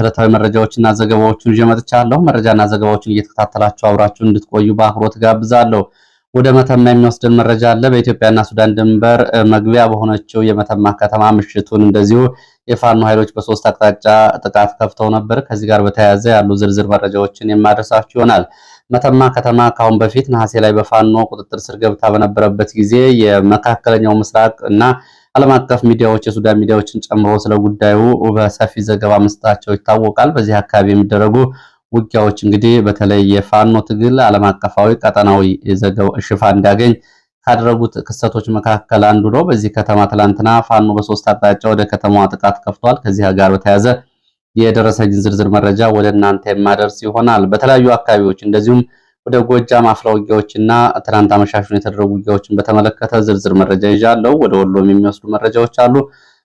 ዕለታዊ መረጃዎችና ዘገባዎችን ይዤ መጥቻለሁ። መረጃና ዘገባዎችን እየተከታተላችሁ አብራችሁ እንድትቆዩ በአክብሮት ጋብዛለሁ። ወደ መተማ የሚወስድን መረጃ አለ። በኢትዮጵያና ሱዳን ድንበር መግቢያ በሆነችው የመተማ ከተማ ምሽቱን እንደዚሁ የፋኖ ኃይሎች በሶስት አቅጣጫ ጥቃት ከፍተው ነበር። ከዚህ ጋር በተያያዘ ያሉ ዝርዝር መረጃዎችን የማደርሳችሁ ይሆናል። መተማ ከተማ ከአሁን በፊት ነሐሴ ላይ በፋኖ ቁጥጥር ስር ገብታ በነበረበት ጊዜ የመካከለኛው ምስራቅ እና ዓለም አቀፍ ሚዲያዎች የሱዳን ሚዲያዎችን ጨምሮ ስለ ጉዳዩ በሰፊ ዘገባ መስጠታቸው ይታወቃል። በዚህ አካባቢ የሚደረጉ ውጊያዎች እንግዲህ በተለይ የፋኖ ትግል ዓለም አቀፋዊ ቀጠናዊ ሽፋ እንዲያገኝ ካደረጉት ክስተቶች መካከል አንዱ ነው። በዚህ ከተማ ትላንትና ፋኖ በሶስት አቅጣጫ ወደ ከተማዋ ጥቃት ከፍቷል። ከዚህ ጋር በተያያዘ የደረሰኝ ዝርዝር መረጃ ወደ እናንተ የማደርስ ይሆናል። በተለያዩ አካባቢዎች እንደዚሁም ወደ ጎጃም አፍላ ውጊያዎችና ትናንት አመሻሹን የተደረጉ ውጊያዎችን በተመለከተ ዝርዝር መረጃ ይዣለሁ። ወደ ወሎም የሚወስዱ መረጃዎች አሉ።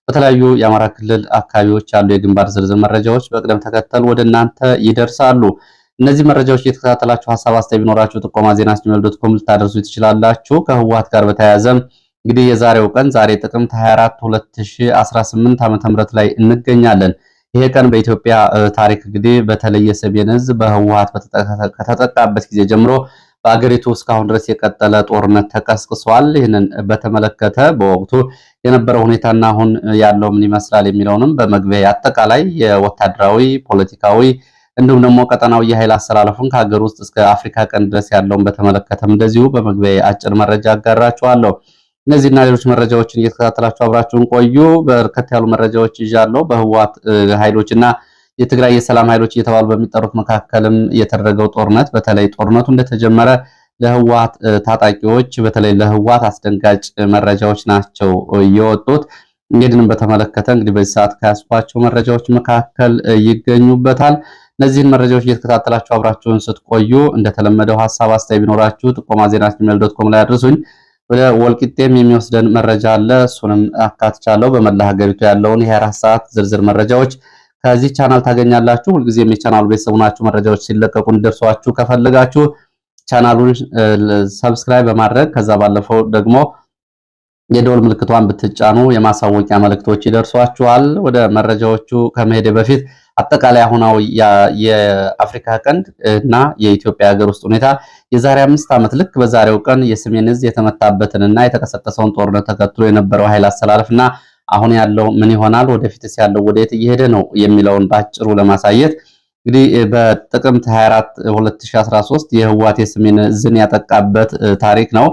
በተለያዩ የአማራ ክልል አካባቢዎች ያሉ የግንባር ዝርዝር መረጃዎች በቅደም ተከተል ወደ እናንተ ይደርሳሉ። እነዚህ መረጃዎች እየተከታተላችሁ ሀሳብ አስተያየት ቢኖራችሁ ጥቆማ ዜና ጂሜል ዶት ኮም ልታደርሱ ትችላላችሁ። ከህወሀት ጋር በተያያዘም እንግዲህ የዛሬው ቀን ዛሬ ጥቅምት 24 2018 ም ላይ እንገኛለን። ይሄ ቀን በኢትዮጵያ ታሪክ እንግዲህ በተለየ ሰሜን እዝ በህወሓት ከተጠቃበት ጊዜ ጀምሮ በአገሪቱ እስካሁን ድረስ የቀጠለ ጦርነት ተቀስቅሷል። ይህንን በተመለከተ በወቅቱ የነበረው ሁኔታና አሁን ያለው ምን ይመስላል የሚለውንም በመግቢያ አጠቃላይ የወታደራዊ ፖለቲካዊ፣ እንዲሁም ደግሞ ቀጠናዊ የኃይል አሰላለፉን ከሀገር ውስጥ እስከ አፍሪካ ቀን ድረስ ያለውን በተመለከተም እንደዚሁ በመግቢያ አጭር መረጃ አጋራችኋለሁ። እነዚህና ሌሎች መረጃዎችን እየተከታተላችሁ አብራችሁን ቆዩ። በርከት ያሉ መረጃዎች ይዣለሁ። በህወሓት ኃይሎች እና የትግራይ የሰላም ኃይሎች እየተባሉ በሚጠሩት መካከልም የተደረገው ጦርነት በተለይ ጦርነቱ እንደተጀመረ ለህወሓት ታጣቂዎች በተለይ ለህወሓት አስደንጋጭ መረጃዎች ናቸው እየወጡት። እንግዲህንም በተመለከተ እንግዲህ በዚህ ሰዓት ከያስኳቸው መረጃዎች መካከል ይገኙበታል። እነዚህን መረጃዎች እየተከታተላችሁ አብራችሁን ስትቆዩ እንደተለመደው ሀሳብ አስተያየት ቢኖራችሁ ጥቆማ ዜና ጂሜል ዶት ኮም ላይ አድርሱኝ። ወደ ወልቂጤም የሚወስደን መረጃ አለ። እሱንም አካትቻለሁ። በመላ ሀገሪቱ ያለውን የ24 ሰዓት ዝርዝር መረጃዎች ከዚህ ቻናል ታገኛላችሁ። ሁልጊዜም የቻናሉ ቤተሰቡ ናችሁ። መረጃዎች ሲለቀቁ እንዲደርሷችሁ ከፈለጋችሁ ቻናሉን ሰብስክራይብ በማድረግ ከዛ ባለፈው ደግሞ የደወል ምልክቷን ብትጫኑ የማሳወቂያ መልእክቶች ይደርሷችኋል። ወደ መረጃዎቹ ከመሄድ በፊት አጠቃላይ አሁናዊ የአፍሪካ ቀንድ እና የኢትዮጵያ ሀገር ውስጥ ሁኔታ የዛሬ አምስት ዓመት ልክ በዛሬው ቀን የሰሜን የተመታበትን የተመታበትንና የተቀሰቀሰውን ጦርነት ተከትሎ የነበረው ኃይል እና አሁን ያለው ምን ይሆናል፣ ወደፊትስ ያለው ወደየት እየሄደ ነው የሚለውን በአጭሩ ለማሳየት እንግዲህ በጥቅምት 24 2013 የህዋት የሰሜን ዕዝን ያጠቃበት ታሪክ ነው።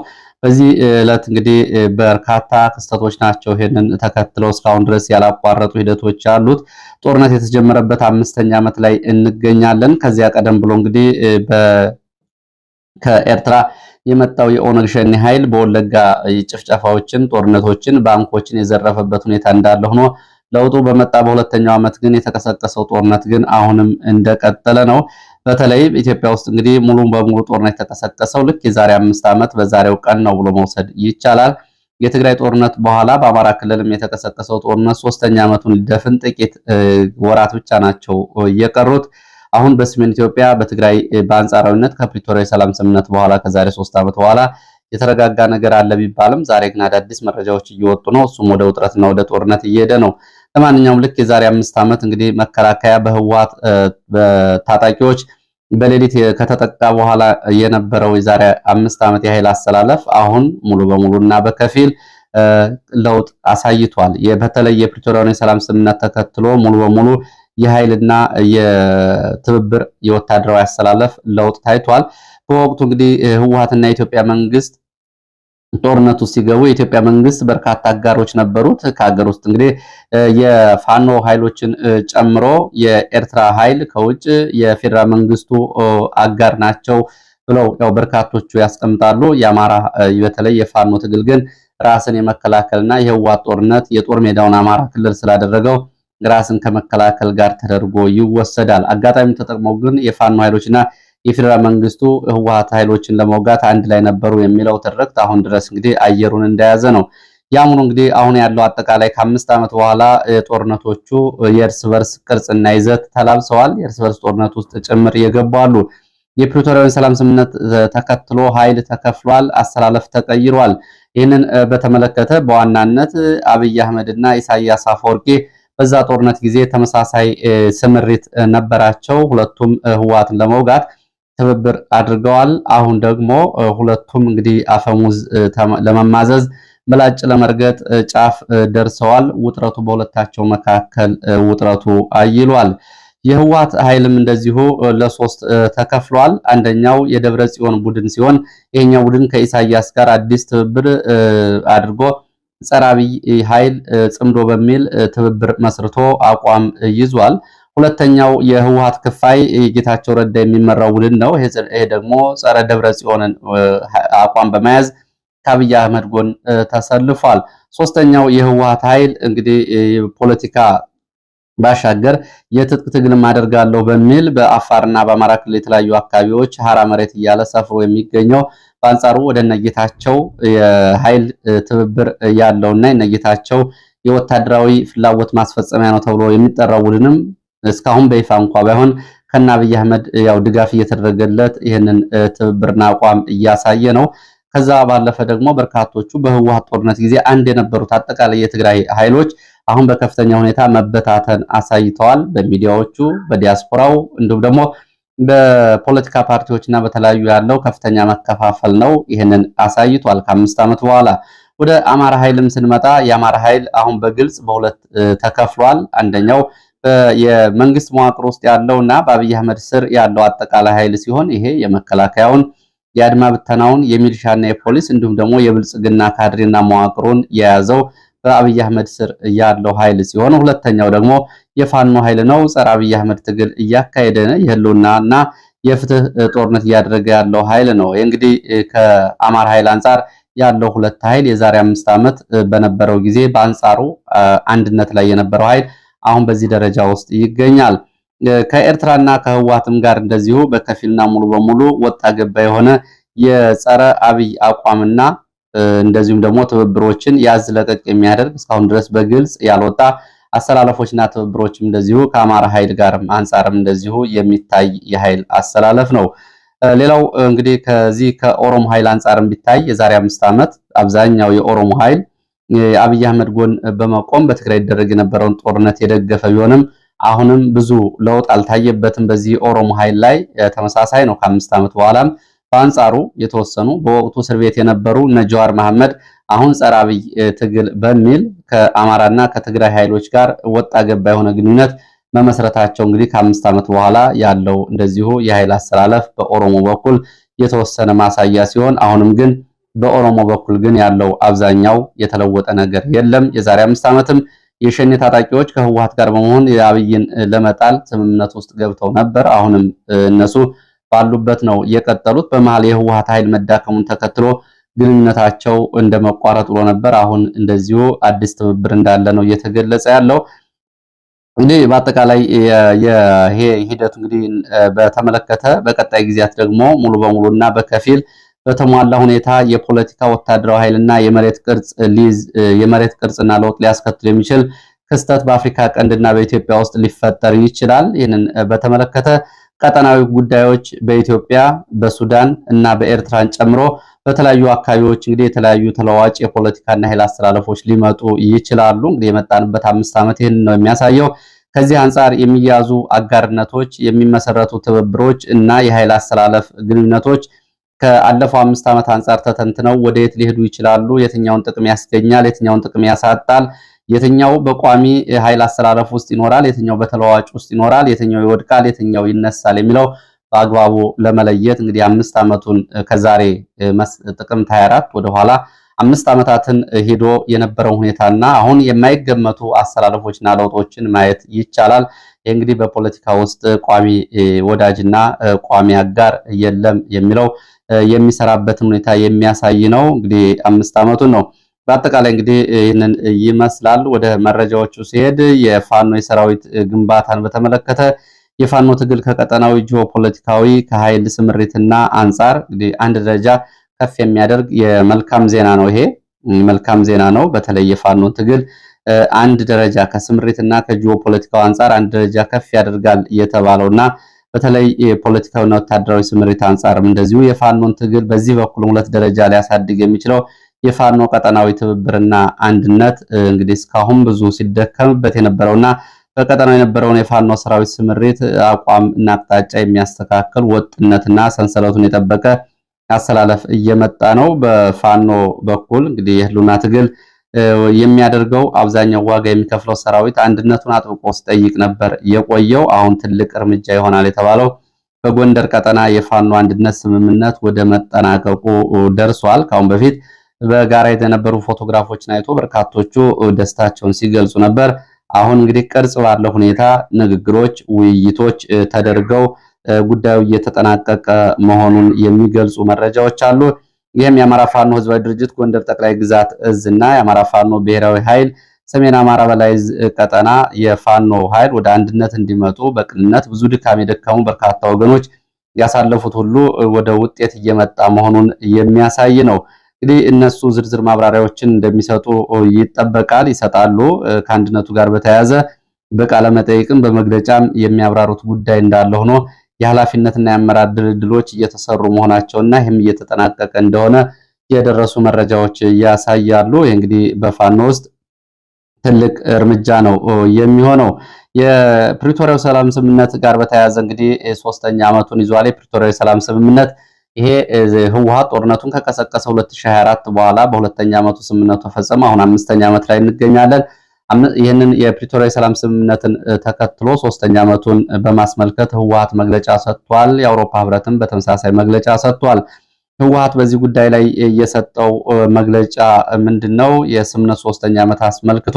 በዚህ ዕለት እንግዲህ በርካታ ክስተቶች ናቸው። ይህንን ተከትለው እስካሁን ድረስ ያላቋረጡ ሂደቶች አሉት ጦርነት የተጀመረበት አምስተኛ ዓመት ላይ እንገኛለን። ከዚያ ቀደም ብሎ እንግዲህ ከኤርትራ የመጣው የኦነግ ኃይል በወለጋ ጭፍጨፋዎችን፣ ጦርነቶችን፣ ባንኮችን የዘረፈበት ሁኔታ እንዳለ ሆኖ ለውጡ በመጣ በሁለተኛው ዓመት ግን የተቀሰቀሰው ጦርነት ግን አሁንም እንደቀጠለ ነው። በተለይ ኢትዮጵያ ውስጥ እንግዲህ ሙሉ በሙሉ ጦርነት የተቀሰቀሰው ልክ የዛሬ አምስት ዓመት በዛሬው ቀን ነው ብሎ መውሰድ ይቻላል። የትግራይ ጦርነት በኋላ በአማራ ክልልም የተቀሰቀሰው ጦርነት ሶስተኛ ዓመቱን ሊደፍን ጥቂት ወራት ብቻ ናቸው የቀሩት። አሁን በሰሜን ኢትዮጵያ በትግራይ በአንጻራዊነት ከፕሪቶሪያ የሰላም ስምምነት በኋላ ከዛሬ ሶስት ዓመት በኋላ የተረጋጋ ነገር አለ ቢባልም ዛሬ ግን አዳዲስ መረጃዎች እየወጡ ነው። እሱም ወደ ውጥረትና ወደ ጦርነት እየሄደ ነው። ለማንኛውም ልክ የዛሬ አምስት ዓመት እንግዲህ መከላከያ በህወሓት ታጣቂዎች በሌሊት ከተጠቃ በኋላ የነበረው የዛሬ አምስት ዓመት የኃይል አሰላለፍ አሁን ሙሉ በሙሉ እና በከፊል ለውጥ አሳይቷል። በተለይ የፕሪቶሪያውን የሰላም ስምምነት ተከትሎ ሙሉ በሙሉ የኃይልና የትብብር የወታደራዊ አሰላለፍ ለውጥ ታይቷል። በወቅቱ እንግዲህ ህወሓትና የኢትዮጵያ መንግስት ጦርነቱ ሲገቡ የኢትዮጵያ መንግስት በርካታ አጋሮች ነበሩት። ከሀገር ውስጥ እንግዲህ የፋኖ ኃይሎችን ጨምሮ የኤርትራ ኃይል ከውጭ የፌዴራል መንግስቱ አጋር ናቸው ብለው ያው በርካቶቹ ያስቀምጣሉ። የአማራ በተለይ የፋኖ ትግል ግን ራስን የመከላከልና የህወሓት ጦርነት የጦር ሜዳውን አማራ ክልል ስላደረገው ራስን ከመከላከል ጋር ተደርጎ ይወሰዳል። አጋጣሚ ተጠቅመው ግን የፋኖ ኃይሎችና የፌዴራል መንግስቱ ህወሀት ኃይሎችን ለመውጋት አንድ ላይ ነበሩ የሚለው ትርክት አሁን ድረስ እንግዲህ አየሩን እንደያዘ ነው። ያምኑ እንግዲህ አሁን ያለው አጠቃላይ ከአምስት ዓመት በኋላ ጦርነቶቹ የእርስ በርስ ቅርጽና ይዘት ተላብሰዋል። የእርስ በርስ ጦርነት ውስጥ ጭምር እየገቡ አሉ። የፕሪቶሪያውን ሰላም ስምምነት ተከትሎ ኃይል ተከፍሏል፣ አሰላለፍ ተቀይሯል። ይህንን በተመለከተ በዋናነት አብይ አህመድና ኢሳያስ አፈወርቂ በዛ ጦርነት ጊዜ ተመሳሳይ ስምሪት ነበራቸው። ሁለቱም ህወሓትን ለመውጋት ትብብር አድርገዋል። አሁን ደግሞ ሁለቱም እንግዲህ አፈሙዝ ለመማዘዝ ምላጭ ለመርገጥ ጫፍ ደርሰዋል። ውጥረቱ በሁለታቸው መካከል ውጥረቱ አይሏል። የህወሓት ኃይልም እንደዚሁ ለሶስት ተከፍሏል። አንደኛው የደብረ ጽዮን ቡድን ሲሆን ይሄኛው ቡድን ከኢሳያስ ጋር አዲስ ትብብር አድርጎ ጸረ አብይ ኃይል ጽምዶ በሚል ትብብር መስርቶ አቋም ይዟል። ሁለተኛው የህወሀት ክፋይ ጌታቸው ረዳ የሚመራው ቡድን ነው። ይሄ ደግሞ ጸረ ደብረ ጽዮንን አቋም በመያዝ ከአብይ አህመድ ጎን ተሰልፏል። ሶስተኛው የህወሀት ኃይል እንግዲህ ፖለቲካ ባሻገር የትጥቅ ትግልም አደርጋለሁ በሚል በአፋርና በአማራ ክልል የተለያዩ አካባቢዎች ሀራ መሬት እያለ ሰፍሮ የሚገኘው በአንጻሩ ወደ እነጌታቸው የኃይል ትብብር ያለውና እነጌታቸው የወታደራዊ ፍላጎት ማስፈጸሚያ ነው ተብሎ የሚጠራው ቡድንም እስካሁን በይፋ እንኳ ባይሆን ከናብይ አብይ አህመድ ያው ድጋፍ እየተደረገለት ይህንን ትብብርና አቋም እያሳየ ነው። ከዛ ባለፈ ደግሞ በርካቶቹ በህወሓት ጦርነት ጊዜ አንድ የነበሩት አጠቃላይ የትግራይ ኃይሎች አሁን በከፍተኛ ሁኔታ መበታተን አሳይተዋል። በሚዲያዎቹ፣ በዲያስፖራው እንዲሁም ደግሞ በፖለቲካ ፓርቲዎችና በተለያዩ ያለው ከፍተኛ መከፋፈል ነው። ይህንን አሳይቷል። ከአምስት ዓመት በኋላ ወደ አማራ ኃይልም ስንመጣ የአማራ ኃይል አሁን በግልጽ በሁለት ተከፍሏል። አንደኛው የመንግስት መዋቅር ውስጥ ያለው እና በአብይ አህመድ ስር ያለው አጠቃላይ ኃይል ሲሆን ይሄ የመከላከያውን የአድማ ብተናውን የሚሊሻና የፖሊስ እንዲሁም ደግሞ የብልጽግና ካድሬና መዋቅሩን የያዘው በአብይ አህመድ ስር ያለው ኃይል ሲሆን ሁለተኛው ደግሞ የፋኖ ኃይል ነው። ጸረ አብይ አህመድ ትግል እያካሄደ የህልውና እና የፍትህ ጦርነት እያደረገ ያለው ኃይል ነው። እንግዲህ ከአማራ ኃይል አንጻር ያለው ሁለት ኃይል የዛሬ አምስት ዓመት በነበረው ጊዜ በአንጻሩ አንድነት ላይ የነበረው ኃይል አሁን በዚህ ደረጃ ውስጥ ይገኛል። ከኤርትራና ከህዋትም ጋር እንደዚሁ በከፊልና ሙሉ በሙሉ ወጣ ገባ የሆነ የጸረ አብይ አቋምና እንደዚሁም ደግሞ ትብብሮችን ያዝ ለቀቅ የሚያደርግ እስካሁን ድረስ በግልጽ ያልወጣ አሰላለፎችና ትብብሮችም እንደዚሁ ከአማራ ኃይል ጋርም አንጻርም እንደዚሁ የሚታይ የኃይል አሰላለፍ ነው። ሌላው እንግዲህ ከዚህ ከኦሮሞ ኃይል አንጻርም ቢታይ የዛሬ አምስት ዓመት አብዛኛው የኦሮሞ ኃይል የአብይ አህመድ ጎን በመቆም በትግራይ ይደረግ የነበረውን ጦርነት የደገፈ ቢሆንም አሁንም ብዙ ለውጥ አልታየበትም። በዚህ ኦሮሞ ኃይል ላይ ተመሳሳይ ነው። ከአምስት ዓመት በኋላም በአንጻሩ የተወሰኑ በወቅቱ እስር ቤት የነበሩ እነ ጀዋር መሐመድ አሁን ጸረ አብይ ትግል በሚል ከአማራና ከትግራይ ኃይሎች ጋር ወጣ ገባ የሆነ ግንኙነት መመስረታቸው እንግዲህ ከአምስት ዓመት በኋላ ያለው እንደዚሁ የኃይል አሰላለፍ በኦሮሞ በኩል የተወሰነ ማሳያ ሲሆን አሁንም ግን በኦሮሞ በኩል ግን ያለው አብዛኛው የተለወጠ ነገር የለም። የዛሬ አምስት ዓመትም የሸኔ ታጣቂዎች ከህወሓት ጋር በመሆን የአብይን ለመጣል ስምምነት ውስጥ ገብተው ነበር። አሁንም እነሱ ባሉበት ነው የቀጠሉት። በመሀል የህወሓት ኃይል መዳከሙን ተከትሎ ግንኙነታቸው እንደ መቋረጥ ብሎ ነበር። አሁን እንደዚሁ አዲስ ትብብር እንዳለ ነው እየተገለጸ ያለው። እንግዲህ በአጠቃላይ ይሄ ሂደት እንግዲህ በተመለከተ በቀጣይ ጊዜያት ደግሞ ሙሉ በሙሉ እና በከፊል በተሟላ ሁኔታ የፖለቲካ ወታደራዊ ኃይልና የመሬት ቅርጽ ሊዝ የመሬት ቅርጽና ለውጥ ሊያስከትል የሚችል ክስተት በአፍሪካ ቀንድና በኢትዮጵያ ውስጥ ሊፈጠር ይችላል። ይህንን በተመለከተ ቀጠናዊ ጉዳዮች በኢትዮጵያ በሱዳን እና በኤርትራን ጨምሮ በተለያዩ አካባቢዎች እንግዲህ የተለያዩ ተለዋጭ የፖለቲካና ኃይል አስተላለፎች ሊመጡ ይችላሉ። እንግዲህ የመጣንበት አምስት ዓመት ይህን ነው የሚያሳየው። ከዚህ አንጻር የሚያዙ አጋርነቶች፣ የሚመሰረቱ ትብብሮች እና የኃይል አስተላለፍ ግንኙነቶች ከአለፈው አምስት ዓመት አንጻር ተተንትነው ወደ የት ሊሄዱ ይችላሉ? የትኛውን ጥቅም ያስገኛል? የትኛውን ጥቅም ያሳጣል? የትኛው በቋሚ ኃይል አሰላለፍ ውስጥ ይኖራል? የትኛው በተለዋጭ ውስጥ ይኖራል? የትኛው ይወድቃል? የትኛው ይነሳል? የሚለው በአግባቡ ለመለየት እንግዲህ አምስት ዓመቱን ከዛሬ ጥቅምት 24 ወደኋላ አምስት ዓመታትን ሄዶ የነበረውን ሁኔታና አሁን የማይገመቱ አሰላለፎችና ለውጦችን ማየት ይቻላል። ይህ እንግዲህ በፖለቲካ ውስጥ ቋሚ ወዳጅና ቋሚ አጋር የለም የሚለው የሚሰራበትን ሁኔታ የሚያሳይ ነው። እንግዲህ አምስት ዓመቱን ነው። በአጠቃላይ እንግዲህ ይህንን ይመስላል። ወደ መረጃዎቹ ሲሄድ የፋኖ የሰራዊት ግንባታን በተመለከተ የፋኖ ትግል ከቀጠናዊ ጂኦፖለቲካዊ ከኃይል ስምሪትና አንጻር እንግዲህ አንድ ደረጃ ከፍ የሚያደርግ የመልካም ዜና ነው። ይሄ መልካም ዜና ነው። በተለይ የፋኖ ትግል አንድ ደረጃ ከስምሪትና ከጂኦ ፖለቲካው አንጻር አንድ ደረጃ ከፍ ያደርጋል እየተባለው እና በተለይ የፖለቲካዊና ወታደራዊ ስምሪት አንጻርም እንደዚሁ የፋኖን ትግል በዚህ በኩል ሁለት ደረጃ ሊያሳድግ የሚችለው የፋኖ ቀጠናዊ ትብብርና አንድነት እንግዲህ እስካሁን ብዙ ሲደከምበት የነበረውና በቀጠናው የነበረውን የፋኖ ሰራዊት ስምሪት አቋም እና አቅጣጫ የሚያስተካክል ወጥነትና ሰንሰለቱን የጠበቀ አሰላለፍ እየመጣ ነው። በፋኖ በኩል እንግዲህ የህልውና ትግል የሚያደርገው አብዛኛው ዋጋ የሚከፍለው ሰራዊት አንድነቱን አጥብቆ ሲጠይቅ ነበር የቆየው። አሁን ትልቅ እርምጃ ይሆናል የተባለው በጎንደር ቀጠና የፋኖ አንድነት ስምምነት ወደ መጠናቀቁ ደርሷል። ከአሁን በፊት በጋራ የነበሩ ፎቶግራፎችን አይቶ በርካቶቹ ደስታቸውን ሲገልጹ ነበር። አሁን እንግዲህ ቅርጽ ባለው ሁኔታ ንግግሮች፣ ውይይቶች ተደርገው ጉዳዩ እየተጠናቀቀ መሆኑን የሚገልጹ መረጃዎች አሉ። ይህም የአማራ ፋኖ ህዝባዊ ድርጅት ጎንደር ጠቅላይ ግዛት እዝ እና የአማራ ፋኖ ብሔራዊ ኃይል ሰሜን አማራ በላይ ቀጠና የፋኖ ኃይል ወደ አንድነት እንዲመጡ በቅንነት ብዙ ድካም የደከሙ በርካታ ወገኖች ያሳለፉት ሁሉ ወደ ውጤት እየመጣ መሆኑን የሚያሳይ ነው። እንግዲህ እነሱ ዝርዝር ማብራሪያዎችን እንደሚሰጡ ይጠበቃል፣ ይሰጣሉ። ከአንድነቱ ጋር በተያያዘ በቃለመጠይቅም በመግለጫም የሚያብራሩት ጉዳይ እንዳለ ሆኖ የኃላፊነትና የአመራር ድልድሎች እየተሰሩ መሆናቸውና ይህም እየተጠናቀቀ እንደሆነ የደረሱ መረጃዎች ያሳያሉ። ይህ እንግዲህ በፋኖ ውስጥ ትልቅ እርምጃ ነው የሚሆነው። የፕሪቶሪያው ሰላም ስምምነት ጋር በተያያዘ እንግዲህ ሶስተኛ ዓመቱን ይዟል። የፕሪቶሪያው ሰላም ስምምነት ይሄ ህወሓት ጦርነቱን ከቀሰቀሰ 2024 በኋላ በሁለተኛ ዓመቱ ስምምነቱ ተፈጸመ። አሁን አምስተኛ ዓመት ላይ እንገኛለን። ይህንን የፕሪቶሪያ የሰላም ስምምነትን ተከትሎ ሶስተኛ ዓመቱን በማስመልከት ህወሀት መግለጫ ሰጥቷል። የአውሮፓ ህብረትም በተመሳሳይ መግለጫ ሰጥቷል። ህወሀት በዚህ ጉዳይ ላይ የሰጠው መግለጫ ምንድን ነው? የስምምነቱ ሶስተኛ ዓመት አስመልክቶ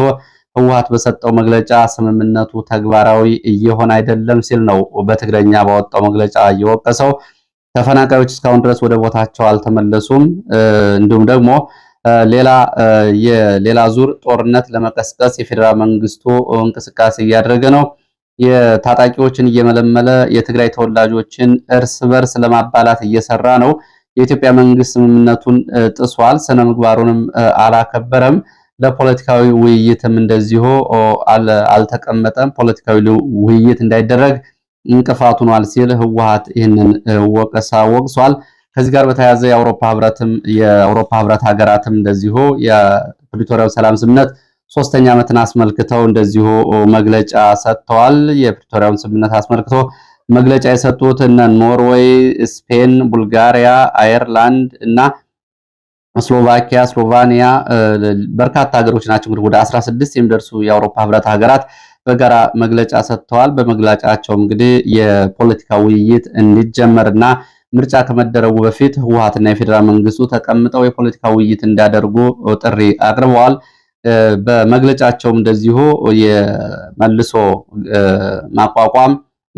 ህወሀት በሰጠው መግለጫ ስምምነቱ ተግባራዊ እየሆነ አይደለም ሲል ነው በትግረኛ ባወጣው መግለጫ እየወቀሰው። ተፈናቃዮች እስካሁን ድረስ ወደ ቦታቸው አልተመለሱም፣ እንዲሁም ደግሞ ሌላ የሌላ ዙር ጦርነት ለመቀስቀስ የፌዴራል መንግስቱ እንቅስቃሴ እያደረገ ነው። የታጣቂዎችን እየመለመለ የትግራይ ተወላጆችን እርስ በርስ ለማባላት እየሰራ ነው። የኢትዮጵያ መንግስት ስምምነቱን ጥሷል፣ ስነ ምግባሩንም አላከበረም። ለፖለቲካዊ ውይይትም እንደዚሁ አልተቀመጠም። ፖለቲካዊ ውይይት እንዳይደረግ እንቅፋት ሆኗል ሲል ህወሓት ይህንን ወቀሳ ወቅሷል። ከዚህ ጋር በተያያዘ የአውሮፓ ህብረትም የአውሮፓ ህብረት ሀገራትም እንደዚሁ የፕሪቶሪያው ሰላም ስምምነት ሶስተኛ ዓመትን አስመልክተው እንደዚሁ መግለጫ ሰጥተዋል። የፕሪቶሪያውን ስምምነት አስመልክቶ መግለጫ የሰጡት እነ ኖርዌይ፣ ስፔን፣ ቡልጋሪያ፣ አየርላንድ እና ስሎቫኪያ፣ ስሎቫኒያ በርካታ ሀገሮች ናቸው። እንግዲህ ወደ 16 የሚደርሱ የአውሮፓ ህብረት ሀገራት በጋራ መግለጫ ሰጥተዋል። በመግለጫቸውም እንግዲህ የፖለቲካ ውይይት እንዲጀመርና ምርጫ ከመደረጉ በፊት ህወሓትና የፌዴራል መንግስቱ ተቀምጠው የፖለቲካ ውይይት እንዳደርጉ ጥሪ አቅርበዋል። በመግለጫቸውም እንደዚሁ የመልሶ ማቋቋም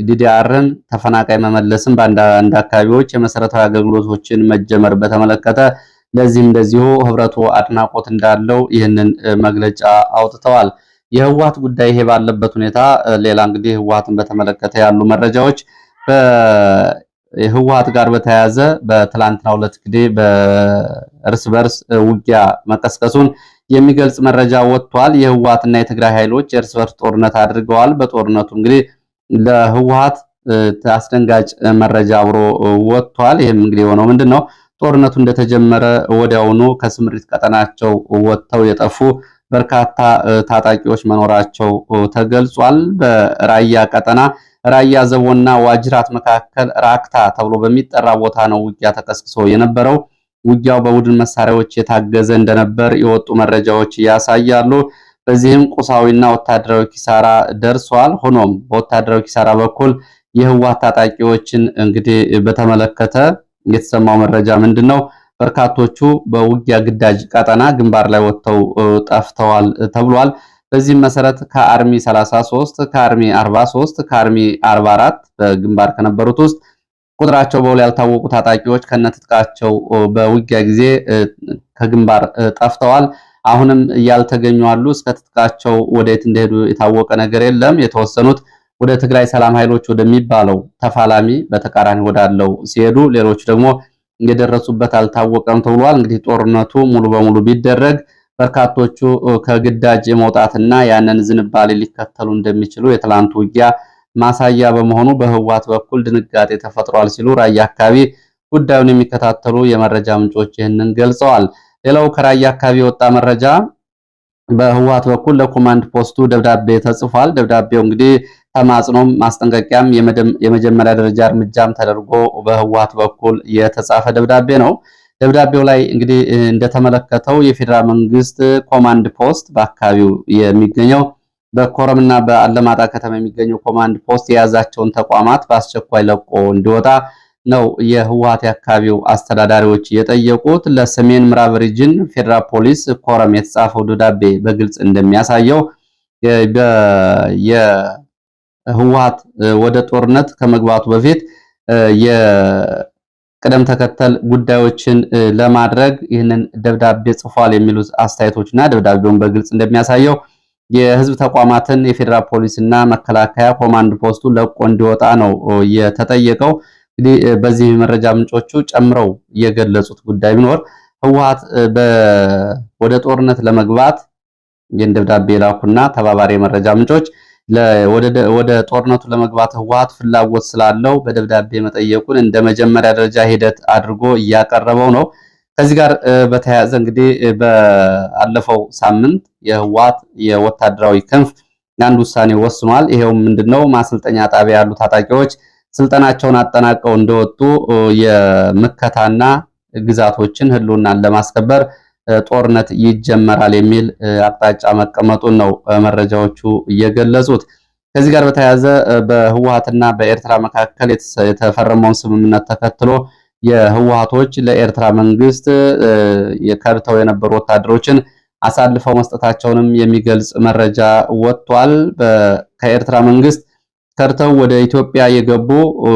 ዲዲአርን፣ ተፈናቃይ መመለስን በአንዳንድ አካባቢዎች የመሰረታዊ አገልግሎቶችን መጀመር በተመለከተ ለዚህም እንደዚሁ ህብረቱ አድናቆት እንዳለው ይህንን መግለጫ አውጥተዋል። የህወሀት ጉዳይ ይሄ ባለበት ሁኔታ ሌላ እንግዲህ ህወሀትን በተመለከተ ያሉ መረጃዎች የህወሓት ጋር በተያያዘ በትላንትና ሁለት ጊዜ በእርስ በርስ ውጊያ መቀስቀሱን የሚገልጽ መረጃ ወጥቷል። የህወሓትና የትግራይ ኃይሎች የእርስ በርስ ጦርነት አድርገዋል። በጦርነቱ እንግዲህ ለህወሓት አስደንጋጭ መረጃ አብሮ ወጥቷል። ይህም እንግዲህ የሆነው ምንድን ነው? ጦርነቱ እንደተጀመረ ወዲያውኑ ከስምሪት ቀጠናቸው ወጥተው የጠፉ በርካታ ታጣቂዎች መኖራቸው ተገልጿል። በራያ ቀጠና ራያ ዘቦና ዋጅራት መካከል ራክታ ተብሎ በሚጠራ ቦታ ነው ውጊያ ተቀስቅሶ የነበረው። ውጊያው በቡድን መሳሪያዎች የታገዘ እንደነበር የወጡ መረጃዎች ያሳያሉ። በዚህም ቁሳዊና ወታደራዊ ኪሳራ ደርሷል። ሆኖም በወታደራዊ ኪሳራ በኩል የህወሓት ታጣቂዎችን እንግዲህ በተመለከተ የተሰማው መረጃ ምንድን ነው? በርካቶቹ በውጊያ ግዳጅ ቀጠና ግንባር ላይ ወጥተው ጠፍተዋል ተብሏል። በዚህም መሰረት ከአርሚ 33 ከአርሚ 43 ከአርሚ 44 በግንባር ከነበሩት ውስጥ ቁጥራቸው በውል ያልታወቁ ታጣቂዎች ከነትጥቃቸው በውጊያ ጊዜ ከግንባር ጠፍተዋል። አሁንም ያልተገኙ አሉ። እስከ ትጥቃቸው ወዴት እንደሄዱ የታወቀ ነገር የለም። የተወሰኑት ወደ ትግራይ ሰላም ኃይሎች ወደሚባለው ተፋላሚ በተቃራኒ ወዳለው ሲሄዱ፣ ሌሎች ደግሞ የደረሱበት አልታወቀም ተብሏል። እንግዲህ ጦርነቱ ሙሉ በሙሉ ቢደረግ በርካቶቹ ከግዳጅ መውጣትና ያንን ዝንባሌ ሊከተሉ እንደሚችሉ የትላንቱ ውጊያ ማሳያ በመሆኑ በህዋት በኩል ድንጋጤ ተፈጥሯል ሲሉ ራያ አካባቢ ጉዳዩን የሚከታተሉ የመረጃ ምንጮች ይህንን ገልጸዋል። ሌላው ከራያ አካባቢ የወጣ መረጃ በህዋት በኩል ለኮማንድ ፖስቱ ደብዳቤ ተጽፏል። ደብዳቤው እንግዲህ ተማጽኖም ማስጠንቀቂያም የመጀመሪያ ደረጃ እርምጃም ተደርጎ በህዋት በኩል የተጻፈ ደብዳቤ ነው። ደብዳቤው ላይ እንግዲህ እንደተመለከተው የፌዴራል መንግስት ኮማንድ ፖስት በአካባቢው የሚገኘው በኮረምና በአለማጣ ከተማ የሚገኘው ኮማንድ ፖስት የያዛቸውን ተቋማት በአስቸኳይ ለቆ እንዲወጣ ነው የህወሀት የአካባቢው አስተዳዳሪዎች የጠየቁት። ለሰሜን ምዕራብ ሪጅን ፌዴራል ፖሊስ ኮረም የተጻፈው ደብዳቤ በግልጽ እንደሚያሳየው የህወሀት ወደ ጦርነት ከመግባቱ በፊት ቅደም ተከተል ጉዳዮችን ለማድረግ ይህንን ደብዳቤ ጽፏል የሚሉት እና ደብዳቤውን በግልጽ እንደሚያሳየው የህዝብ ተቋማትን የፌዴራል ፖሊስና መከላከያ ኮማንድ ፖስቱ ለቆ እንዲወጣ ነው የተጠየቀው። እንግዲህ በዚህ መረጃ ምንጮቹ ጨምረው የገለጹት ጉዳይ ቢኖር ህወሓት ወደ ጦርነት ለመግባት ይህን ደብዳቤ የላኩና ተባባሪ መረጃ ምንጮች ወደ ጦርነቱ ለመግባት ህወሓት ፍላጎት ስላለው በደብዳቤ መጠየቁን እንደ መጀመሪያ ደረጃ ሂደት አድርጎ እያቀረበው ነው። ከዚህ ጋር በተያያዘ እንግዲህ በአለፈው ሳምንት የህወሓት የወታደራዊ ክንፍ አንድ ውሳኔ ወስኗል። ይሄውም ምንድነው? ማሰልጠኛ ጣቢያ ያሉ ታጣቂዎች ስልጠናቸውን አጠናቀው እንደወጡ የምከታና ግዛቶችን ህልውናን ለማስከበር ጦርነት ይጀመራል የሚል አቅጣጫ መቀመጡን ነው መረጃዎቹ እየገለጹት። ከዚህ ጋር በተያያዘ በህወሓትና በኤርትራ መካከል የተፈረመውን ስምምነት ተከትሎ የህወሓቶች ለኤርትራ መንግስት ከድተው የነበሩ ወታደሮችን አሳልፈው መስጠታቸውንም የሚገልጽ መረጃ ወጥቷል። ከኤርትራ መንግስት ከድተው ወደ ኢትዮጵያ የገቡ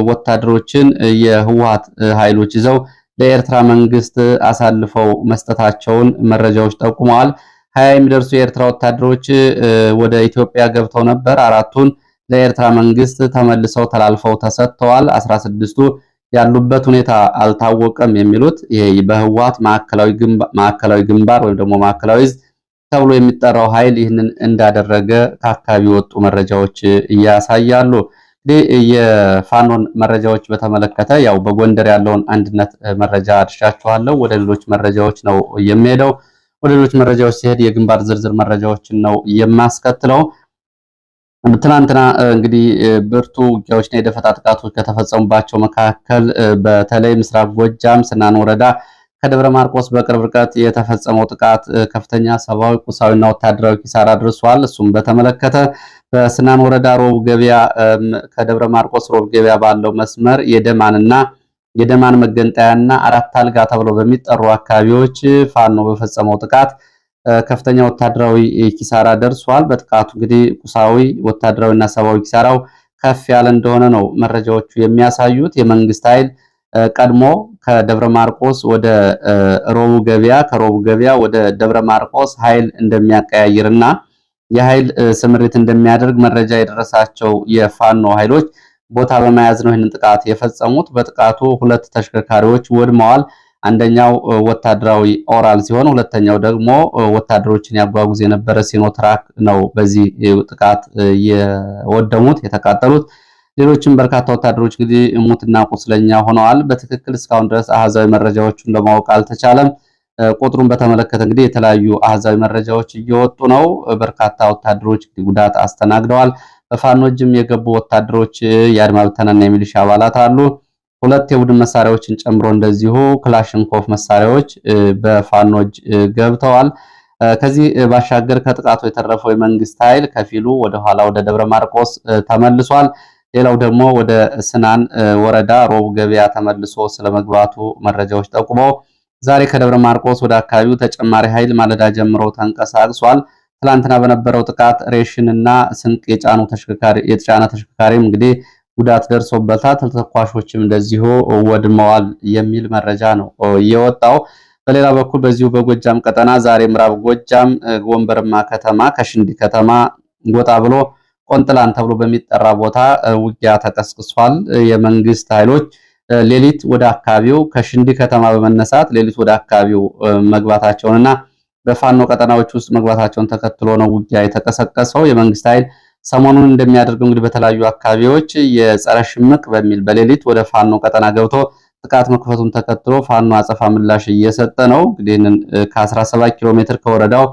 ወታደሮችን የህወሓት ኃይሎች ይዘው ለኤርትራ መንግስት አሳልፈው መስጠታቸውን መረጃዎች ጠቁመዋል። ሀያ የሚደርሱ የኤርትራ ወታደሮች ወደ ኢትዮጵያ ገብተው ነበር። አራቱን ለኤርትራ መንግስት ተመልሰው ተላልፈው ተሰጥተዋል። አስራ ስድስቱ ያሉበት ሁኔታ አልታወቀም። የሚሉት ይሄ በህወሓት ማዕከላዊ ግንባር ወይም ደግሞ ማዕከላዊ እዝ ተብሎ የሚጠራው ኃይል ይህንን እንዳደረገ ከአካባቢ የወጡ መረጃዎች እያሳያሉ። እንግዲህ የፋኖን መረጃዎች በተመለከተ ያው በጎንደር ያለውን አንድነት መረጃ አድርሻችኋለሁ። ወደ ሌሎች መረጃዎች ነው የሚሄደው። ወደ ሌሎች መረጃዎች ሲሄድ የግንባር ዝርዝር መረጃዎችን ነው የማስከትለው። ትናንትና እንግዲህ ብርቱ ውጊያዎችና የደፈጣ ጥቃቶች ከተፈጸሙባቸው መካከል በተለይ ምስራቅ ጎጃም ስናን ወረዳ ከደብረ ማርቆስ በቅርብ ርቀት የተፈጸመው ጥቃት ከፍተኛ ሰብአዊ፣ ቁሳዊና ወታደራዊ ኪሳራ አድርሷል። እሱም በተመለከተ በስናን ወረዳ ሮብ ገበያ ከደብረ ማርቆስ ሮብ ገበያ ባለው መስመር የደማንና የደማን መገንጠያና አራት አልጋ ተብለው በሚጠሩ አካባቢዎች ፋኖ በፈጸመው ጥቃት ከፍተኛ ወታደራዊ ኪሳራ ደርሷል። በጥቃቱ እንግዲህ ቁሳዊ ወታደራዊና ሰብአዊ ኪሳራው ከፍ ያለ እንደሆነ ነው መረጃዎቹ የሚያሳዩት። የመንግስት ኃይል ቀድሞ ከደብረ ማርቆስ ወደ ሮቡ ገበያ ከሮቡ ገበያ ወደ ደብረ ማርቆስ ኃይል እንደሚያቀያይርና የኃይል ስምሪት እንደሚያደርግ መረጃ የደረሳቸው የፋኖ ኃይሎች ቦታ በመያዝ ነው ይህንን ጥቃት የፈጸሙት። በጥቃቱ ሁለት ተሽከርካሪዎች ወድመዋል። አንደኛው ወታደራዊ ኦራል ሲሆን ሁለተኛው ደግሞ ወታደሮችን ያጓጉዝ የነበረ ሲኖትራክ ነው በዚህ ጥቃት የወደሙት የተቃጠሉት። ሌሎችም በርካታ ወታደሮች እንግዲህ ሙትና ቁስለኛ ሆነዋል። በትክክል እስካሁን ድረስ አሃዛዊ መረጃዎቹን ለማወቅ አልተቻለም። ቁጥሩን በተመለከተ እንግዲህ የተለያዩ አሃዛዊ መረጃዎች እየወጡ ነው። በርካታ ወታደሮች ጉዳት አስተናግደዋል። በፋኖ እጅም የገቡ ወታደሮች፣ የአድማ ብተናና የሚሊሻ አባላት አሉ። ሁለት የቡድን መሳሪያዎችን ጨምሮ እንደዚሁ ክላሽንኮፍ መሳሪያዎች በፋኖ እጅ ገብተዋል። ከዚህ ባሻገር ከጥቃቱ የተረፈው የመንግስት ኃይል ከፊሉ ወደኋላ ወደ ደብረ ማርቆስ ተመልሷል። ሌላው ደግሞ ወደ ስናን ወረዳ ሮብ ገበያ ተመልሶ ስለመግባቱ መረጃዎች ጠቁመው ዛሬ ከደብረ ማርቆስ ወደ አካባቢው ተጨማሪ ኃይል ማለዳ ጀምሮ ተንቀሳቅሷል። ትላንትና በነበረው ጥቃት ሬሽንና ስንቅ የጫኑ ተሽከርካሪ የተጫነ ተሽከርካሪም እንግዲህ ጉዳት ደርሶበታል። ተተኳሾችም እንደዚሁ ወድመዋል የሚል መረጃ ነው የወጣው። በሌላ በኩል በዚሁ በጎጃም ቀጠና ዛሬ ምዕራብ ጎጃም ወንበርማ ከተማ ከሽንዲ ከተማ ወጣ ብሎ ቆንጥላን ተብሎ በሚጠራ ቦታ ውጊያ ተቀስቅሷል። የመንግስት ኃይሎች ሌሊት ወደ አካባቢው ከሽንዲ ከተማ በመነሳት ሌሊት ወደ አካባቢው መግባታቸውንና በፋኖ ቀጠናዎች ውስጥ መግባታቸውን ተከትሎ ነው ውጊያ የተቀሰቀሰው። የመንግስት ኃይል ሰሞኑን እንደሚያደርገው እንግዲህ በተለያዩ አካባቢዎች የጸረ ሽምቅ በሚል በሌሊት ወደ ፋኖ ቀጠና ገብቶ ጥቃት መክፈቱን ተከትሎ ፋኖ አጸፋ ምላሽ እየሰጠ ነው። እንግዲህ ከ17 ኪሎ ሜትር ከወረዳው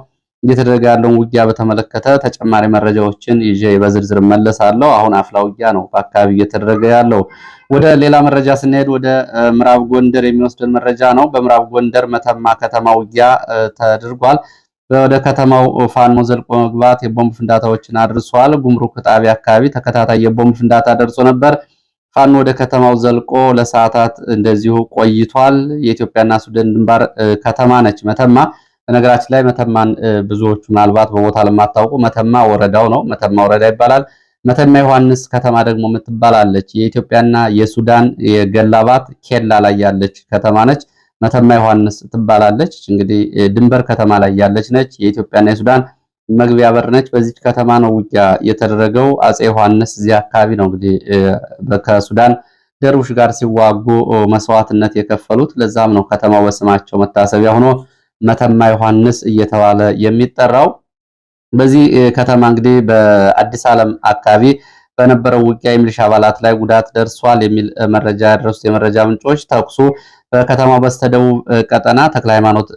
እየተደረገ ያለውን ውጊያ በተመለከተ ተጨማሪ መረጃዎችን ይዤ በዝርዝር መለሳለሁ። አሁን አፍላ ውጊያ ነው በአካባቢ እየተደረገ ያለው። ወደ ሌላ መረጃ ስንሄድ ወደ ምዕራብ ጎንደር የሚወስደን መረጃ ነው። በምዕራብ ጎንደር መተማ ከተማ ውጊያ ተደርጓል። ወደ ከተማው ፋኖ ዘልቆ መግባት የቦምብ ፍንዳታዎችን አድርሷል። ጉምሩክ ጣቢያ አካባቢ ተከታታይ የቦምብ ፍንዳታ ደርሶ ነበር። ፋኖ ወደ ከተማው ዘልቆ ለሰዓታት እንደዚሁ ቆይቷል። የኢትዮጵያና ሱዳን ድንባር ከተማ ነች መተማ በነገራችን ላይ መተማን ብዙዎቹ ምናልባት በቦታ ለማታውቁ መተማ ወረዳው ነው፣ መተማ ወረዳ ይባላል። መተማ ዮሐንስ ከተማ ደግሞ የምትባላለች የኢትዮጵያና የሱዳን የገላባት ኬላ ላይ ያለች ከተማ ነች። መተማ ዮሐንስ ትባላለች። እንግዲህ ድንበር ከተማ ላይ ያለች ነች። የኢትዮጵያና የሱዳን መግቢያ በር ነች። በዚች ከተማ ነው ውጊያ የተደረገው። አጼ ዮሐንስ እዚህ አካባቢ ነው እንግዲህ ከሱዳን ደርቡሽ ጋር ሲዋጉ መስዋዕትነት የከፈሉት። ለዛም ነው ከተማው በስማቸው መታሰቢያ ሆኖ መተማ ዮሐንስ እየተባለ የሚጠራው በዚህ ከተማ እንግዲህ በአዲስ ዓለም አካባቢ በነበረው ውጊያ የሚሊሻ አባላት ላይ ጉዳት ደርሷል የሚል መረጃ ያደረሱት የመረጃ ምንጮች ተኩሱ በከተማው በስተደቡብ ቀጠና ተክለ ሃይማኖት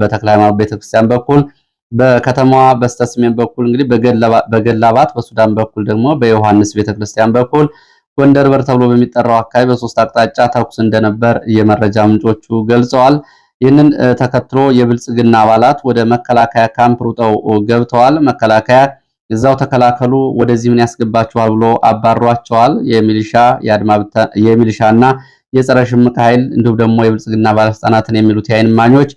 በተክለ ሃይማኖት ቤተክርስቲያን በኩል በከተማዋ በስተሰሜን በኩል እንግዲህ በገላባት በሱዳን በኩል ደግሞ በዮሐንስ ቤተክርስቲያን በኩል ጎንደር በር ተብሎ በሚጠራው አካባቢ በሶስት አቅጣጫ ተኩስ እንደነበር የመረጃ ምንጮቹ ገልጸዋል። ይህንን ተከትሎ የብልጽግና አባላት ወደ መከላከያ ካምፕ ሩጠው ገብተዋል። መከላከያ እዛው ተከላከሉ፣ ወደዚህ ምን ያስገባችኋል ብሎ አባሯቸዋል። የሚሊሻና የጸረ ሽምቅ ኃይል እንዲሁም ደግሞ የብልጽግና ባለስልጣናትን የሚሉት የአይን እማኞች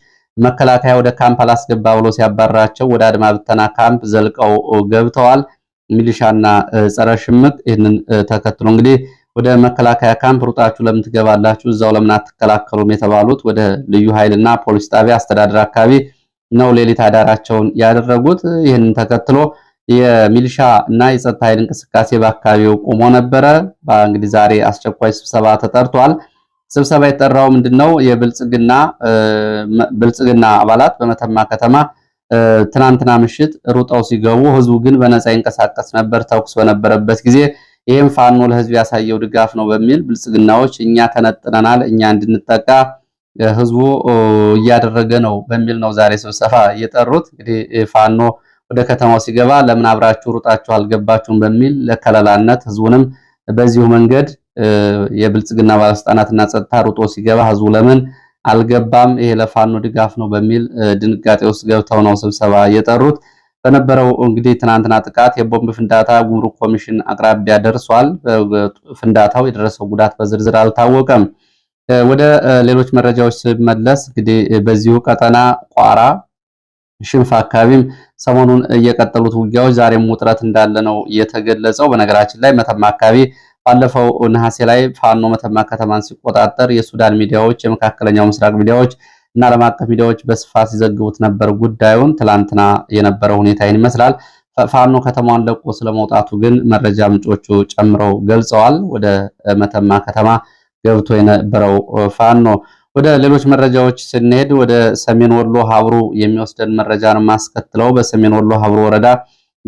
መከላከያ ወደ ካምፕ አላስገባ ብሎ ሲያባራቸው ወደ አድማ ብተና ካምፕ ዘልቀው ገብተዋል። ሚሊሻና ጸረ ሽምቅ ይህንን ተከትሎ እንግዲህ ወደ መከላከያ ካምፕ ሩጣችሁ ለምን ትገባላችሁ? እዛው ለምን አትከላከሉም? የተባሉት ወደ ልዩ ኃይልና ፖሊስ ጣቢያ አስተዳደር አካባቢ ነው ሌሊት አዳራቸውን ያደረጉት። ይህንን ተከትሎ የሚሊሻ እና የጸጥታ ኃይል እንቅስቃሴ በአካባቢው ቆሞ ነበረ። እንግዲህ ዛሬ አስቸኳይ ስብሰባ ተጠርቷል። ስብሰባ የጠራው ምንድነው? የብልጽግና ብልጽግና አባላት በመተማ ከተማ ትናንትና ምሽት ሩጠው ሲገቡ ህዝቡ ግን በነፃ ይንቀሳቀስ ነበር። ተኩስ በነበረበት ጊዜ ይህም ፋኖ ለህዝብ ያሳየው ድጋፍ ነው በሚል ብልጽግናዎች እኛ ተነጥነናል፣ እኛ እንድንጠቃ ህዝቡ እያደረገ ነው በሚል ነው ዛሬ ስብሰባ የጠሩት። እንግዲህ ፋኖ ወደ ከተማው ሲገባ ለምን አብራችሁ ሩጣችሁ አልገባችሁም በሚል ለከለላነት ህዝቡንም በዚሁ መንገድ የብልጽግና ባለስልጣናትና ጸጥታ ሩጦ ሲገባ ህዝቡ ለምን አልገባም፣ ይሄ ለፋኖ ድጋፍ ነው በሚል ድንጋጤ ውስጥ ገብተው ነው ስብሰባ የጠሩት። በነበረው እንግዲህ ትናንትና ጥቃት የቦምብ ፍንዳታ ጉምሩክ ኮሚሽን አቅራቢያ ደርሷል። ፍንዳታው የደረሰው ጉዳት በዝርዝር አልታወቀም። ወደ ሌሎች መረጃዎች ስመለስ እንግዲህ በዚሁ ቀጠና ቋራ ሽንፍ አካባቢም ሰሞኑን የቀጠሉት ውጊያዎች ዛሬም ውጥረት እንዳለ ነው የተገለጸው። በነገራችን ላይ መተማ አካባቢ ባለፈው ነሐሴ ላይ ፋኖ መተማ ከተማን ሲቆጣጠር የሱዳን ሚዲያዎች፣ የመካከለኛው ምስራቅ ሚዲያዎች እና ዓለም አቀፍ ሚዲያዎች በስፋት ሲዘግቡት ነበር ጉዳዩን። ትላንትና የነበረው ሁኔታ ይህን ይመስላል። ፋኖ ከተማዋን ለቆ ስለመውጣቱ ግን መረጃ ምንጮቹ ጨምረው ገልጸዋል። ወደ መተማ ከተማ ገብቶ የነበረው ፋኖ። ወደ ሌሎች መረጃዎች ስንሄድ ወደ ሰሜን ወሎ ሀብሩ የሚወስደን መረጃን ማስከትለው በሰሜን ወሎ ሀብሩ ወረዳ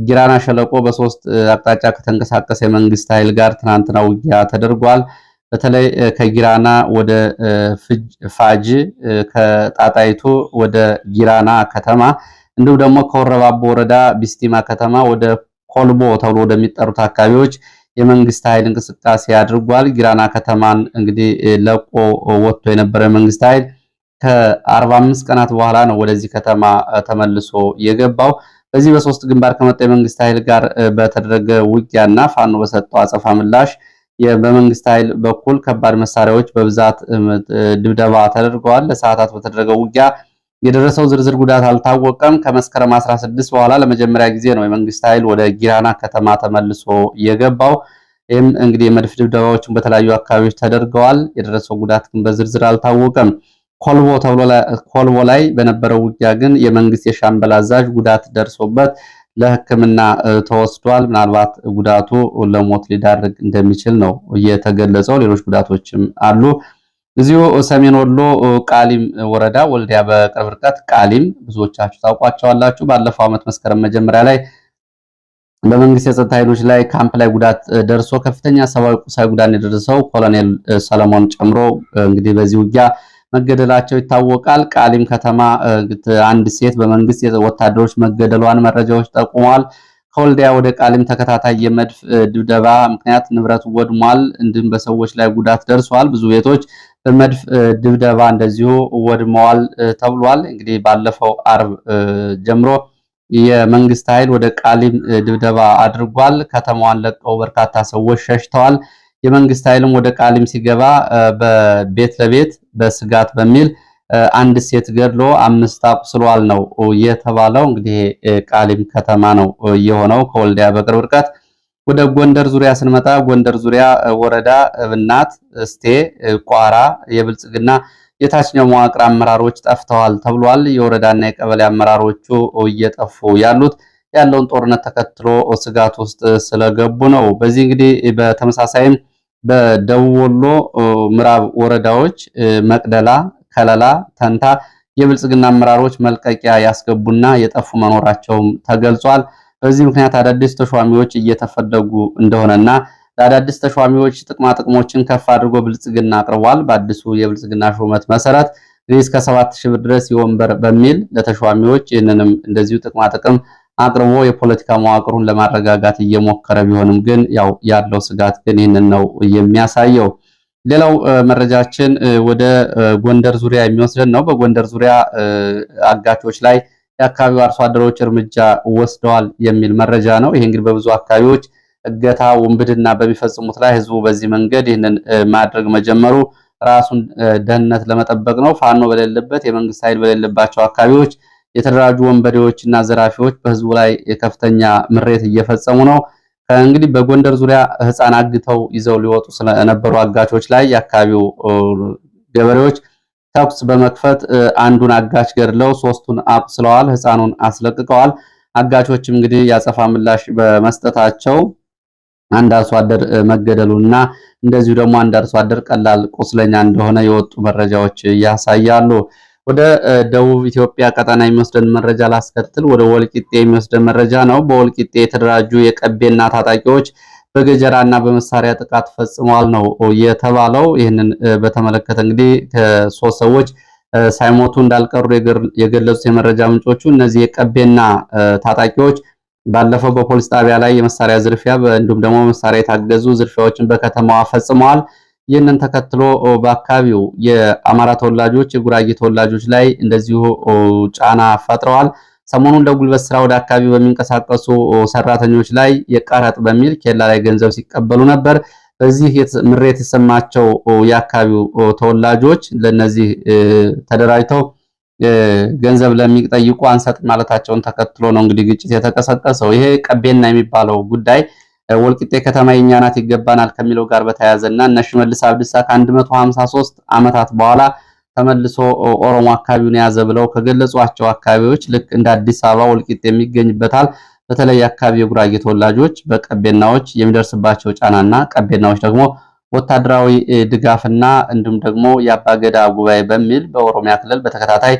ጊራና ሸለቆ በሶስት አቅጣጫ ከተንቀሳቀሰ የመንግስት ኃይል ጋር ትናንትና ውጊያ ተደርጓል። በተለይ ከጊራና ወደ ፋጅ ከጣጣይቱ ወደ ጊራና ከተማ እንዲሁም ደግሞ ከወረባቦ ወረዳ ቢስቲማ ከተማ ወደ ኮልቦ ተብሎ ወደሚጠሩት አካባቢዎች የመንግስት ኃይል እንቅስቃሴ አድርጓል። ጊራና ከተማን እንግዲህ ለቆ ወጥቶ የነበረ መንግስት ኃይል ከ45 ቀናት በኋላ ነው ወደዚህ ከተማ ተመልሶ የገባው። በዚህ በሶስት ግንባር ከመጣ የመንግስት ኃይል ጋር በተደረገ ውጊያና ፋኖ በሰጠው አጸፋ ምላሽ በመንግስት ኃይል በኩል ከባድ መሳሪያዎች በብዛት ድብደባ ተደርገዋል። ለሰዓታት በተደረገው ውጊያ የደረሰው ዝርዝር ጉዳት አልታወቀም። ከመስከረም 16 በኋላ ለመጀመሪያ ጊዜ ነው የመንግስት ኃይል ወደ ጊራና ከተማ ተመልሶ የገባው። ይህም እንግዲህ የመድፍ ድብደባዎችን በተለያዩ አካባቢዎች ተደርገዋል። የደረሰው ጉዳት ግን በዝርዝር አልታወቀም። ኮልቦ ተብሎ ኮልቦ ላይ በነበረው ውጊያ ግን የመንግስት የሻምበል አዛዥ ጉዳት ደርሶበት ለሕክምና ተወስዷል። ምናልባት ጉዳቱ ለሞት ሊዳርግ እንደሚችል ነው እየተገለጸው። ሌሎች ጉዳቶችም አሉ። እዚሁ ሰሜን ወሎ ቃሊም ወረዳ ወልዲያ በቅርብ ርቀት ቃሊም ብዙዎቻችሁ ታውቋቸዋላችሁ። ባለፈው ዓመት መስከረም መጀመሪያ ላይ በመንግስት የጸጥታ ኃይሎች ላይ ካምፕ ላይ ጉዳት ደርሶ ከፍተኛ ሰብአዊ፣ ቁሳዊ ጉዳት የደረሰው ኮሎኔል ሰለሞን ጨምሮ እንግዲህ በዚህ ውጊያ መገደላቸው ይታወቃል። ቃሊም ከተማ አንድ ሴት በመንግስት ወታደሮች መገደሏን መረጃዎች ጠቁመዋል። ከወልዲያ ወደ ቃሊም ተከታታይ የመድፍ ድብደባ ምክንያት ንብረት ወድሟል፣ እንዲሁም በሰዎች ላይ ጉዳት ደርሷል። ብዙ ቤቶች በመድፍ ድብደባ እንደዚሁ ወድመዋል ተብሏል። እንግዲህ ባለፈው አርብ ጀምሮ የመንግስት ኃይል ወደ ቃሊም ድብደባ አድርጓል። ከተማዋን ለቀው በርካታ ሰዎች ሸሽተዋል። የመንግስት ኃይልም ወደ ቃሊም ሲገባ በቤት ለቤት በስጋት በሚል አንድ ሴት ገድሎ አምስት አቁስሏል ነው የተባለው። እንግዲህ ቃሊም ከተማ ነው የሆነው ከወልዲያ በቅርብ ርቀት። ወደ ጎንደር ዙሪያ ስንመጣ ጎንደር ዙሪያ ወረዳ እብናት፣ እስቴ፣ ቋራ የብልጽግና የታችኛው መዋቅር አመራሮች ጠፍተዋል ተብሏል። የወረዳና የቀበሌ አመራሮቹ እየጠፉ ያሉት ያለውን ጦርነት ተከትሎ ስጋት ውስጥ ስለገቡ ነው። በዚህ እንግዲህ በተመሳሳይም በደቡብ ወሎ ምዕራብ ወረዳዎች መቅደላ፣ ከለላ፣ ተንታ የብልጽግና አመራሮች መልቀቂያ ያስገቡና የጠፉ መኖራቸውም ተገልጿል። በዚህ ምክንያት አዳዲስ ተሿሚዎች እየተፈለጉ እንደሆነና ለአዳዲስ ተሿሚዎች ጥቅማ ጥቅሞችን ከፍ አድርጎ ብልጽግና አቅርቧል። በአዲሱ የብልጽግና ሹመት መሰረት እንግዲህ እስከ ሰባት ሺህ ብር ድረስ የወንበር በሚል ለተሿሚዎች ይህንንም እንደዚሁ ጥቅማ ጥቅም አቅርቦ የፖለቲካ መዋቅሩን ለማረጋጋት እየሞከረ ቢሆንም ግን ያው ያለው ስጋት ግን ይህንን ነው የሚያሳየው። ሌላው መረጃችን ወደ ጎንደር ዙሪያ የሚወስደን ነው። በጎንደር ዙሪያ አጋቾች ላይ የአካባቢው አርሶ አደሮች እርምጃ ወስደዋል የሚል መረጃ ነው። ይሄ እንግዲህ በብዙ አካባቢዎች እገታ፣ ውንብድና በሚፈጽሙት ላይ ህዝቡ በዚህ መንገድ ይህንን ማድረግ መጀመሩ ራሱን ደህንነት ለመጠበቅ ነው። ፋኖ በሌለበት የመንግስት ኃይል በሌለባቸው አካባቢዎች የተደራጁ ወንበዴዎችና ዘራፊዎች በህዝቡ ላይ የከፍተኛ ምሬት እየፈጸሙ ነው። እንግዲህ በጎንደር ዙሪያ ህፃን አግተው ይዘው ሊወጡ ስለነበሩ አጋቾች ላይ የአካባቢው ገበሬዎች ተኩስ በመክፈት አንዱን አጋች ገድለው ሶስቱን አቁስለዋል፣ ህፃኑን አስለቅቀዋል። አጋቾችም እንግዲህ ያጸፋ ምላሽ በመስጠታቸው አንድ አርሶ አደር እና እንደዚሁ ደግሞ አንድ አርሶ አደር ቀላል ቁስለኛ እንደሆነ የወጡ መረጃዎች ያሳያሉ። ወደ ደቡብ ኢትዮጵያ ቀጠና የሚወስደን መረጃ ላስከትል። ወደ ወልቂጤ የሚወስደን መረጃ ነው። በወልቂጤ የተደራጁ የቀቤና ታጣቂዎች በገጀራና በመሳሪያ ጥቃት ፈጽመዋል ነው የተባለው። ይህንን በተመለከተ እንግዲህ ከሶስት ሰዎች ሳይሞቱ እንዳልቀሩ የገለጹት የመረጃ ምንጮቹ እነዚህ የቀቤና ታጣቂዎች ባለፈው በፖሊስ ጣቢያ ላይ የመሳሪያ ዝርፊያ እንዲሁም ደግሞ መሳሪያ የታገዙ ዝርፊያዎችን በከተማዋ ፈጽመዋል። ይህንን ተከትሎ በአካባቢው የአማራ ተወላጆች የጉራጌ ተወላጆች ላይ እንደዚሁ ጫና ፈጥረዋል። ሰሞኑን ለጉልበት ስራ ወደ አካባቢው በሚንቀሳቀሱ ሰራተኞች ላይ የቀረጥ በሚል ኬላ ላይ ገንዘብ ሲቀበሉ ነበር። በዚህ ምሬት የተሰማቸው የአካባቢው ተወላጆች ለነዚህ ተደራጅተው ገንዘብ ለሚጠይቁ አንሰጥ ማለታቸውን ተከትሎ ነው እንግዲህ ግጭት የተቀሰቀሰው። ይሄ ቀቤና የሚባለው ጉዳይ ወልቂጤ ከተማ የኛ ናት ይገባናል ከሚለው ጋር በተያያዘና እነ ሽመልስ አብዲሳ ከ153 ዓመታት በኋላ ተመልሶ ኦሮሞ አካባቢውን የያዘ ብለው ከገለጿቸው አካባቢዎች ልክ እንደ አዲስ አበባ ወልቂጤ የሚገኝበታል። በተለይ አካባቢ የጉራጌ ተወላጆች በቀቤናዎች የሚደርስባቸው ጫናና ቀቤናዎች ደግሞ ወታደራዊ ድጋፍና እንዲሁም ደግሞ የአባገዳ ጉባኤ በሚል በኦሮሚያ ክልል በተከታታይ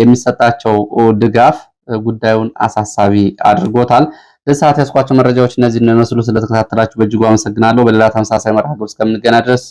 የሚሰጣቸው ድጋፍ ጉዳዩን አሳሳቢ አድርጎታል። ለሰዓት ያስኳቸው መረጃዎች እነዚህ እንደመስሉ ስለተከታተላችሁ በእጅጉ አመሰግናለሁ። በሌላ ተመሳሳይ መርሃ ግብር እስከምንገና ድረስ